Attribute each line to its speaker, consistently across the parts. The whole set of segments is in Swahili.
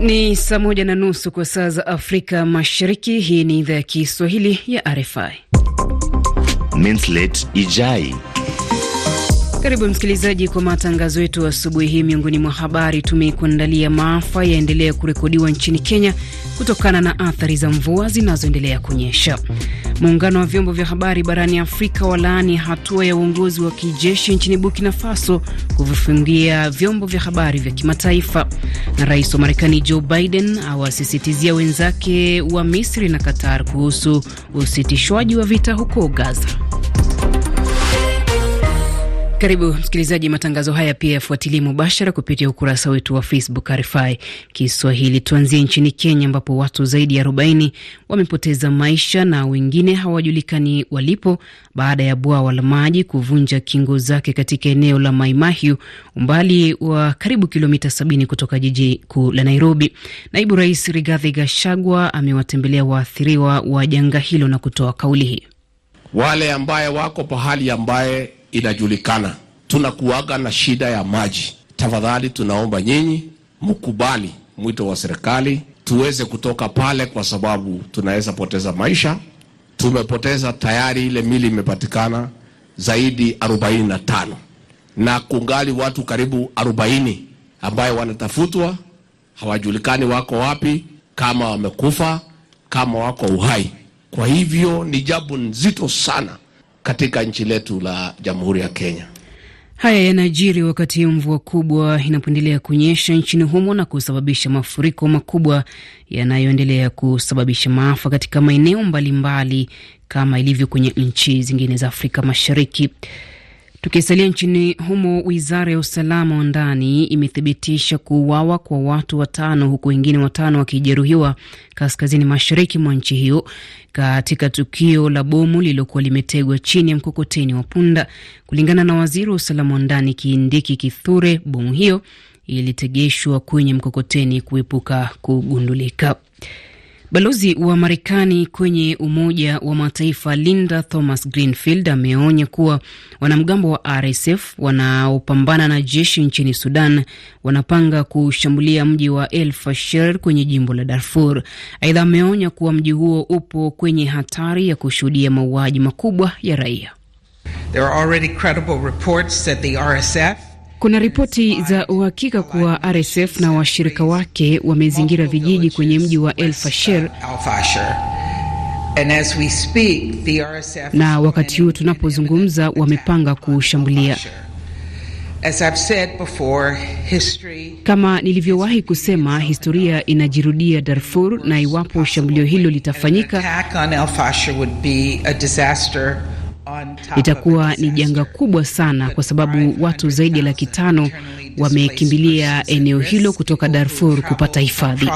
Speaker 1: Ni saa moja na nusu kwa saa za Afrika Mashariki. Hii ni idhaa ya Kiswahili ya RFI. Minslet Ijai. Karibu msikilizaji kwa matangazo yetu asubuhi hii. Miongoni mwa habari tumekuandalia, maafa yaendelea kurekodiwa nchini Kenya kutokana na athari za mvua zinazoendelea kunyesha. Muungano wa vyombo vya habari barani Afrika walaani hatua ya uongozi wa kijeshi nchini Burkina Faso kuvifungia vyombo vya habari vya kimataifa. Na rais wa Marekani Joe Biden awasisitizia wenzake wa Misri na Qatar kuhusu usitishwaji wa vita huko Gaza. Karibu msikilizaji, matangazo haya pia yafuatilie mubashara kupitia ukurasa wetu wa Facebook RFI Kiswahili. Tuanzie nchini Kenya ambapo watu zaidi ya 40 wamepoteza maisha na wengine hawajulikani walipo baada ya bwawa la maji kuvunja kingo zake katika eneo la Maimahiu, umbali wa karibu kilomita 70 kutoka jiji kuu la Nairobi. Naibu Rais Rigathi Gachagua amewatembelea waathiriwa wa janga hilo na kutoa kauli hii. Wale ambaye wako pahali ambaye inajulikana, tunakuaga na shida ya maji. Tafadhali tunaomba nyinyi mkubali mwito wa serikali tuweze kutoka pale, kwa sababu tunaweza poteza maisha. Tumepoteza tayari, ile mili imepatikana zaidi 45 na kungali watu karibu 40 ambayo wanatafutwa, hawajulikani wako wapi, kama wamekufa, kama wako uhai. Kwa hivyo ni jambo nzito sana katika nchi letu la Jamhuri ya Kenya. Haya yanajiri wakati mvua kubwa inapoendelea kunyesha nchini humo na kusababisha mafuriko makubwa yanayoendelea kusababisha maafa katika maeneo mbalimbali kama ilivyo kwenye nchi zingine za Afrika Mashariki. Tukisalia nchini humo, wizara ya usalama wa ndani imethibitisha kuuawa kwa watu watano huku wengine watano wakijeruhiwa kaskazini mashariki mwa nchi hiyo katika tukio la bomu lililokuwa limetegwa chini ya mkokoteni wa punda. Kulingana na waziri wa usalama wa ndani Kindiki Kithure, bomu hiyo ilitegeshwa kwenye mkokoteni kuepuka kugundulika. Balozi wa Marekani kwenye Umoja wa Mataifa Linda Thomas Greenfield ameonya kuwa wanamgambo wa RSF wanaopambana na jeshi nchini Sudan wanapanga kushambulia mji wa El Fasher kwenye jimbo la Darfur. Aidha, ameonya kuwa mji huo upo kwenye hatari ya kushuhudia mauaji makubwa ya raia. There are already credible reports that the RSF kuna ripoti za uhakika kuwa RSF na washirika wake wamezingira vijiji kwenye mji wa El Fasher na wakati huu tunapozungumza wamepanga kuushambulia. Kama nilivyowahi kusema, historia inajirudia Darfur, na iwapo shambulio hilo litafanyika Itakuwa ni janga kubwa sana, kwa sababu watu zaidi ya laki tano wamekimbilia eneo hilo kutoka Darfur kupata hifadhi.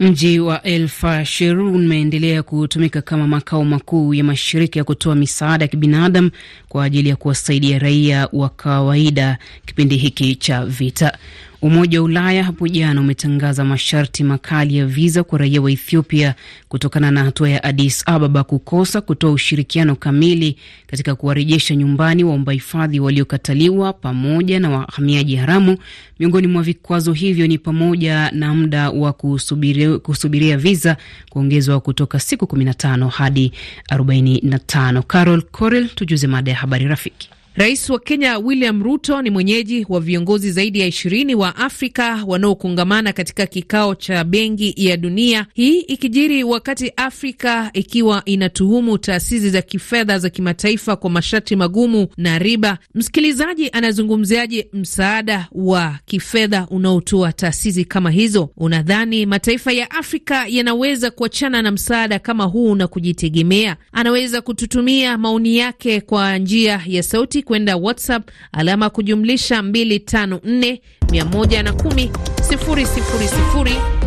Speaker 1: Mji wa El Fasher umeendelea kutumika kama makao makuu ya mashirika ya kutoa misaada ya kibinadamu kwa ajili ya kuwasaidia raia wa kawaida kipindi hiki cha vita. Umoja wa Ulaya hapo jana umetangaza masharti makali ya viza kwa raia wa Ethiopia kutokana na hatua ya Addis Ababa kukosa kutoa ushirikiano kamili katika kuwarejesha nyumbani waomba hifadhi waliokataliwa pamoja na wahamiaji haramu. Miongoni mwa vikwazo hivyo ni pamoja na muda wa kusubiria, kusubiria viza kuongezwa kutoka siku 15 hadi 45. Carol Corel, tujuze mada ya habari rafiki. Rais wa Kenya William Ruto ni mwenyeji wa viongozi zaidi ya ishirini wa Afrika wanaokongamana katika kikao cha Benki ya Dunia, hii ikijiri wakati Afrika ikiwa inatuhumu taasisi za kifedha za kimataifa kwa masharti magumu na riba. Msikilizaji anazungumziaje msaada wa kifedha unaotoa taasisi kama hizo? Unadhani mataifa ya Afrika yanaweza kuachana na msaada kama huu na kujitegemea? Anaweza kututumia maoni yake kwa njia ya sauti kwenda WhatsApp alama kujumlisha 254 110 000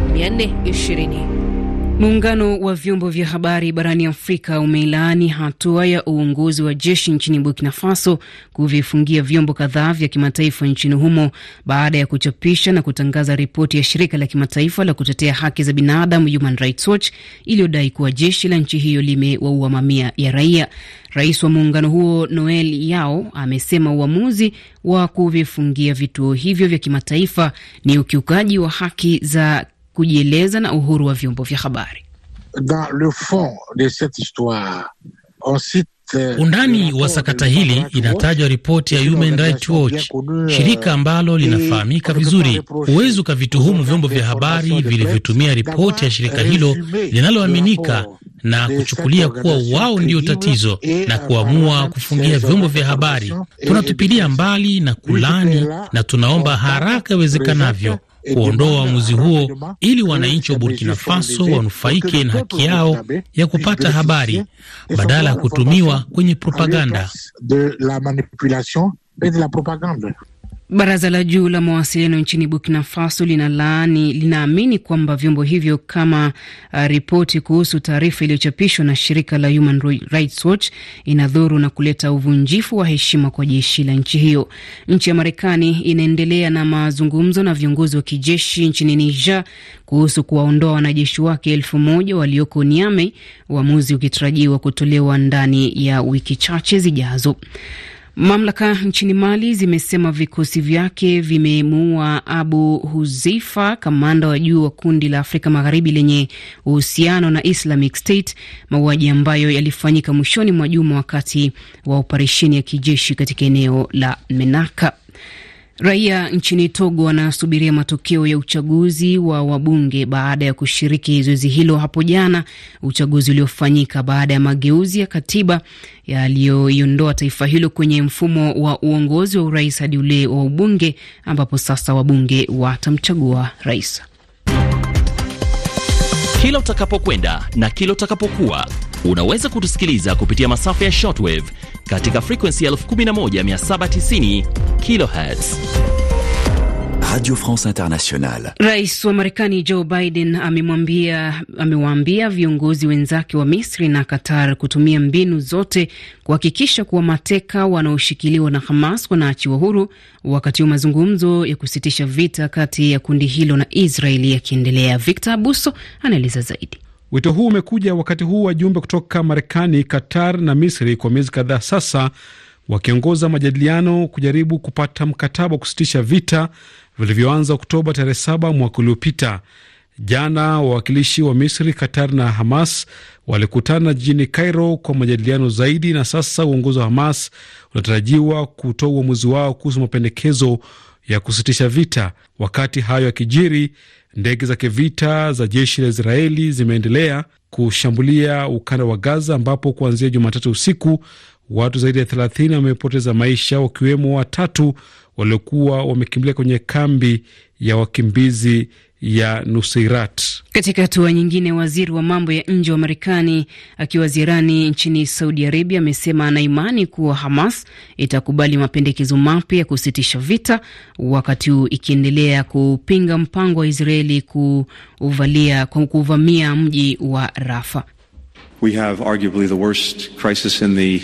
Speaker 1: 420. Muungano wa vyombo vya habari barani Afrika umeilaani hatua ya uongozi wa jeshi nchini Burkina Faso kuvifungia vyombo kadhaa vya kimataifa nchini humo baada ya kuchapisha na kutangaza ripoti ya shirika la kimataifa la kutetea haki za binadamu Human Rights Watch iliyodai kuwa jeshi la nchi hiyo limewaua mamia ya raia. Rais wa muungano huo Noel Yao amesema uamuzi wa kuvifungia vituo hivyo vya kimataifa ni ukiukaji wa haki za kujieleza na uhuru wa vyombo vya habari. Euh, Undani wa sakata hili inatajwa ripoti ya Human Rights Watch, shirika euh, ambalo linafahamika vizuri. Huwezi ukavituhumu vyombo vya habari vilivyotumia ripoti ya shirika hilo linaloaminika na kuchukulia kuwa wao ndio tatizo na kuamua kufungia vyombo vya habari. Tunatupilia mbali na kulani na tunaomba haraka iwezekanavyo Eh, kuondoa uamuzi huo ili wananchi wa Burkina Faso wanufaike na haki yao ya kupata habari badala ya kutumiwa kwenye propaganda. Baraza la juu la mawasiliano nchini Burkina Faso linalaani linaamini kwamba vyombo hivyo kama uh, ripoti kuhusu taarifa iliyochapishwa na shirika la Human Rights Watch inadhuru na kuleta uvunjifu wa heshima kwa jeshi la nchi hiyo. Nchi ya Marekani inaendelea na mazungumzo na viongozi wa kijeshi nchini Niger kuhusu kuwaondoa wanajeshi wake elfu moja walioko Niamey, uamuzi ukitarajiwa kutolewa ndani ya wiki chache zijazo. Mamlaka nchini Mali zimesema vikosi vyake vimemuua Abu Huzeifa, kamanda wa juu wa kundi la Afrika Magharibi lenye uhusiano na Islamic State, mauaji ambayo yalifanyika mwishoni mwa juma wakati wa operesheni ya kijeshi katika eneo la Menaka. Raia nchini Togo wanasubiria matokeo ya uchaguzi wa wabunge baada ya kushiriki zoezi hilo hapo jana, uchaguzi uliofanyika baada ya mageuzi ya katiba yaliyoiondoa taifa hilo kwenye mfumo wa uongozi wa urais hadi ule wa ubunge, ambapo sasa wabunge watamchagua rais. Kila utakapokwenda na kila utakapokuwa unaweza kutusikiliza kupitia masafa ya shortwave katika frequency 11790 kilohertz. Radio France Internationale. Rais wa Marekani Joe Biden amemwambia amewaambia viongozi wenzake wa Misri na Qatar kutumia mbinu zote kuhakikisha kuwa mateka wanaoshikiliwa na Hamas wanaachiwa huru wakati wa mazungumzo ya kusitisha vita kati ya kundi hilo na Israeli yakiendelea. Victor Abuso anaeleza zaidi. Wito huu umekuja wakati huu wajumbe kutoka Marekani, Qatar na Misri kwa miezi kadhaa sasa wakiongoza majadiliano kujaribu kupata mkataba wa kusitisha vita vilivyoanza Oktoba tarehe saba mwaka uliopita. Jana wawakilishi wa Misri, Qatar na Hamas walikutana jijini Cairo kwa majadiliano zaidi, na sasa uongozi wa Hamas unatarajiwa kutoa uamuzi wao kuhusu mapendekezo ya kusitisha vita. Wakati hayo yakijiri, ndege za kivita za jeshi la Israeli zimeendelea kushambulia ukanda wa Gaza, ambapo kuanzia Jumatatu usiku watu zaidi ya 30 wamepoteza maisha, wakiwemo watatu waliokuwa wamekimbilia kwenye kambi ya wakimbizi ya Nusirat. Katika hatua nyingine, waziri wa mambo ya nje wa Marekani akiwa ziarani nchini Saudi Arabia amesema anaimani kuwa Hamas itakubali mapendekezo mapya ya kusitisha vita, wakati huu ikiendelea kupinga mpango wa Israeli kuuvalia, kuvamia mji wa Rafa. We have arguably the worst crisis in the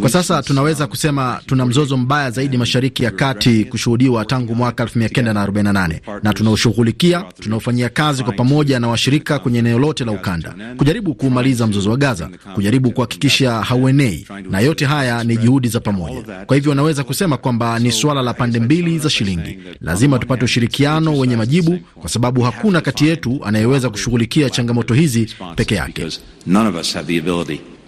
Speaker 1: kwa sasa tunaweza kusema tuna mzozo mbaya zaidi mashariki ya kati kushuhudiwa tangu mwaka 1948 na tunaoshughulikia, tunaofanyia kazi kwa pamoja na washirika kwenye eneo lote la ukanda, kujaribu kuumaliza mzozo wa Gaza, kujaribu kuhakikisha hauenei, na yote haya ni juhudi za pamoja. Kwa hivyo naweza kusema kwamba ni suala la pande mbili za shilingi. Lazima tupate ushirikiano wenye majibu, kwa sababu hakuna kati yetu anayeweza kushughulikia changamoto hizi peke yake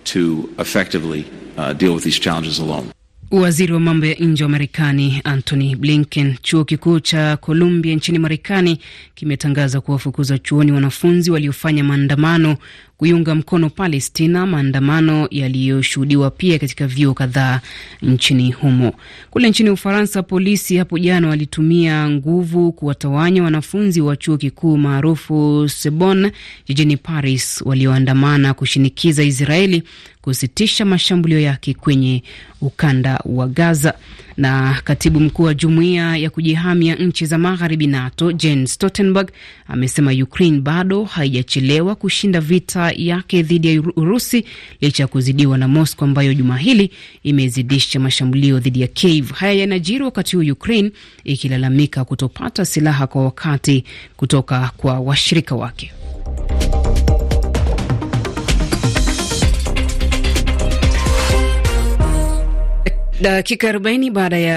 Speaker 1: to effectively uh, deal with these challenges alone. Waziri wa mambo ya nje wa Marekani Antony Blinken. Chuo kikuu cha Columbia nchini Marekani kimetangaza kuwafukuza chuoni wanafunzi waliofanya maandamano kuiunga mkono Palestina, maandamano yaliyoshuhudiwa pia katika vyuo kadhaa nchini humo. Kule nchini Ufaransa, polisi hapo jana walitumia nguvu kuwatawanya wanafunzi wa chuo kikuu maarufu Sorbonne jijini Paris walioandamana kushinikiza Israeli kusitisha mashambulio yake kwenye ukanda wa Gaza. Na katibu mkuu wa jumuiya ya kujihamia nchi za magharibi NATO Jens Stoltenberg amesema Ukraine bado haijachelewa kushinda vita yake dhidi ya Urusi licha ya kuzidiwa na Moscow ambayo juma hili imezidisha mashambulio dhidi ya Kiev. Haya yanajiri wakati huu Ukraine ikilalamika kutopata silaha kwa wakati kutoka kwa washirika wake. Dakika 40 baada ya